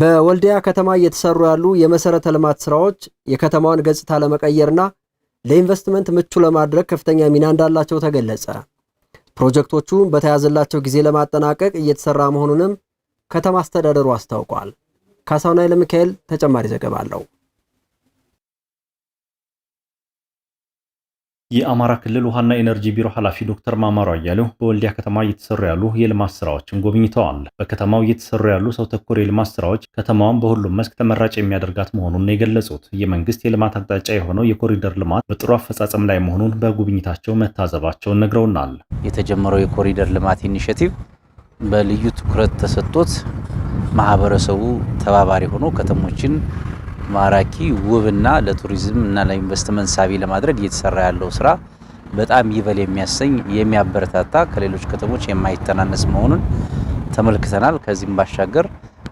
በወልዲያ ከተማ እየተሰሩ ያሉ የመሰረተ ልማት ስራዎች የከተማዋን ገጽታ ለመቀየርና ለኢንቨስትመንት ምቹ ለማድረግ ከፍተኛ ሚና እንዳላቸው ተገለጸ። ፕሮጀክቶቹ በተያዘላቸው ጊዜ ለማጠናቀቅ እየተሰራ መሆኑንም ከተማ አስተዳደሩ አስታውቋል። ካሳሁን ኃይለሚካኤል ተጨማሪ ዘገባ አለው። የአማራ ክልል ውሃና ኤነርጂ ቢሮ ኃላፊ ዶክተር ማማሩ አያሌው በወልዲያ ከተማ እየተሰሩ ያሉ የልማት ስራዎችን ጎብኝተዋል። በከተማው እየተሰሩ ያሉ ሰው ተኮር የልማት ስራዎች ከተማዋን በሁሉም መስክ ተመራጭ የሚያደርጋት መሆኑን ነው የገለጹት። የመንግስት የልማት አቅጣጫ የሆነው የኮሪደር ልማት በጥሩ አፈጻጸም ላይ መሆኑን በጉብኝታቸው መታዘባቸውን ነግረውናል። የተጀመረው የኮሪደር ልማት ኢኒሽቲቭ በልዩ ትኩረት ተሰጥቶት ማህበረሰቡ ተባባሪ ሆኖ ከተሞችን ማራኪ ውብና ለቱሪዝም እና ለኢንቨስትመንት ሳቢ ለማድረግ እየተሰራ ያለው ስራ በጣም ይበል የሚያሰኝ የሚያበረታታ ከሌሎች ከተሞች የማይተናነስ መሆኑን ተመልክተናል። ከዚህም ባሻገር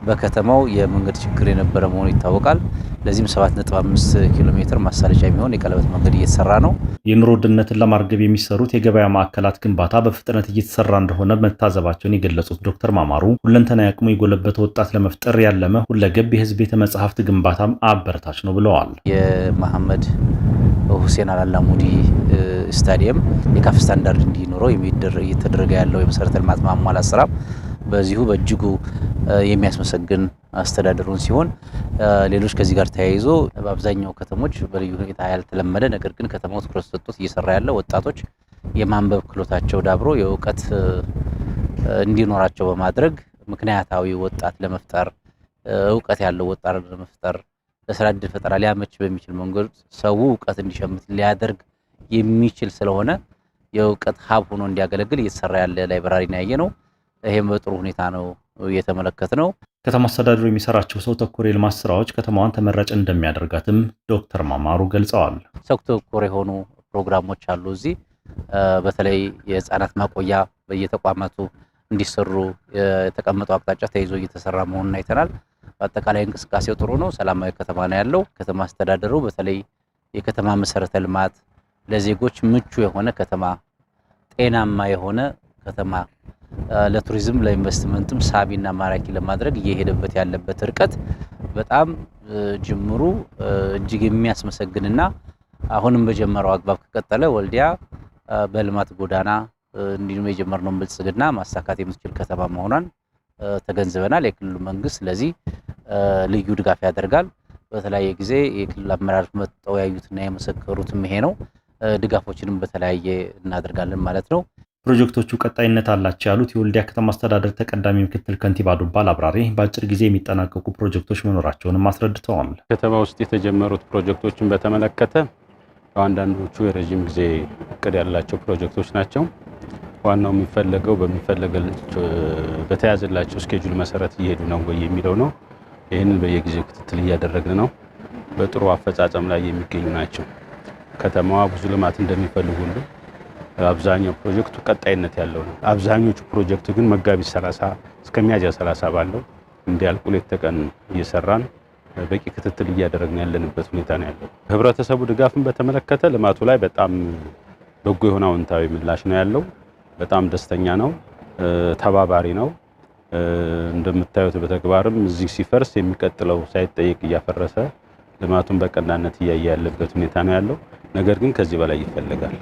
በከተማው የመንገድ ችግር የነበረ መሆኑ ይታወቃል። ለዚህም 7.5 ኪሎ ሜትር ማሳለጫ የሚሆን የቀለበት መንገድ እየተሰራ ነው። የኑሮ ውድነትን ለማርገብ የሚሰሩት የገበያ ማዕከላት ግንባታ በፍጥነት እየተሰራ እንደሆነ መታዘባቸውን የገለጹት ዶክተር ማማሩ ሁለንተና ያቅሙ የጎለበተ ወጣት ለመፍጠር ያለመ ሁለገብ የህዝብ ቤተ መጽሐፍት ግንባታም አበረታች ነው ብለዋል። የመሐመድ ሁሴን አላላሙዲ ስታዲየም የካፍ ስታንዳርድ እንዲኖረው እየተደረገ ያለው የመሰረተ ልማት ማሟላት ስራ በዚሁ በእጅጉ የሚያስመሰግን አስተዳደሩን ሲሆን ሌሎች ከዚህ ጋር ተያይዞ በአብዛኛው ከተሞች በልዩ ሁኔታ ያልተለመደ ነገር ግን ከተማው ትኩረት ሰጥቶት እየሰራ ያለ ወጣቶች የማንበብ ክህሎታቸው ዳብሮ የእውቀት እንዲኖራቸው በማድረግ ምክንያታዊ ወጣት ለመፍጠር እውቀት ያለው ወጣት ለመፍጠር ለስራ እድል ፈጠራ ሊያመች በሚችል መንገድ ሰው እውቀት እንዲሸምት ሊያደርግ የሚችል ስለሆነ የእውቀት ሀብ ሆኖ እንዲያገለግል እየተሰራ ያለ ላይብራሪ ነው ያየ ነው። ይህም በጥሩ ሁኔታ ነው እየተመለከት ነው። ከተማ አስተዳደሩ የሚሰራቸው ሰው ተኮር የልማት ስራዎች ከተማዋን ተመራጭ እንደሚያደርጋትም ዶክተር ማማሩ ገልጸዋል። ሰው ተኮር የሆኑ ፕሮግራሞች አሉ። እዚህ በተለይ የህፃናት ማቆያ በየተቋማቱ እንዲሰሩ የተቀመጠው አቅጣጫ ተይዞ እየተሰራ መሆኑን አይተናል። በአጠቃላይ እንቅስቃሴው ጥሩ ነው። ሰላማዊ ከተማ ነው ያለው። ከተማ አስተዳደሩ በተለይ የከተማ መሰረተ ልማት ለዜጎች ምቹ የሆነ ከተማ፣ ጤናማ የሆነ ከተማ ለቱሪዝም ለኢንቨስትመንትም ሳቢና ማራኪ ለማድረግ እየሄደበት ያለበት ርቀት በጣም ጅምሩ እጅግ የሚያስመሰግንና አሁንም በጀመረው አግባብ ከቀጠለ ወልዲያ በልማት ጎዳና እንዲሁም የጀመርነውን ብልጽግና ማሳካት የምትችል ከተማ መሆኗን ተገንዝበናል። የክልሉ መንግስት ስለዚህ ልዩ ድጋፍ ያደርጋል። በተለያየ ጊዜ የክልል አመራር መጠው ያዩትና የመሰከሩትም ይሄ ነው። ድጋፎችንም በተለያየ እናደርጋለን ማለት ነው። ፕሮጀክቶቹ ቀጣይነት አላቸው ያሉት የወልዲያ ከተማ አስተዳደር ተቀዳሚ ምክትል ከንቲባ ዱባል አብራሪ በአጭር ጊዜ የሚጠናቀቁ ፕሮጀክቶች መኖራቸውንም አስረድተዋል። ከተማ ውስጥ የተጀመሩት ፕሮጀክቶችን በተመለከተ አንዳንዶቹ የረዥም ጊዜ እቅድ ያላቸው ፕሮጀክቶች ናቸው። ዋናው የሚፈለገው በተያዘላቸው እስኬጁል መሰረት እየሄዱ ነው ወይ የሚለው ነው። ይህንን በየጊዜው ክትትል እያደረግን ነው። በጥሩ አፈጻጸም ላይ የሚገኙ ናቸው። ከተማዋ ብዙ ልማት እንደሚፈልጉ ሁሉ አብዛኛው ፕሮጀክቱ ቀጣይነት ያለው ነው። አብዛኞቹ ፕሮጀክት ግን መጋቢት 30 እስከ ሚያዝያ 30 ባለው እንዲያልቁ ሌት ተቀን እየሰራን በቂ ክትትል እያደረግን ያለንበት ሁኔታ ነው ያለው። ህብረተሰቡ ድጋፍን በተመለከተ ልማቱ ላይ በጣም በጎ የሆነ አዎንታዊ ምላሽ ነው ያለው። በጣም ደስተኛ ነው፣ ተባባሪ ነው። እንደምታዩት በተግባርም እዚህ ሲፈርስ የሚቀጥለው ሳይጠየቅ እያፈረሰ ልማቱን በቀናነት እያየ ያለበት ሁኔታ ነው ያለው። ነገር ግን ከዚህ በላይ ይፈልጋል።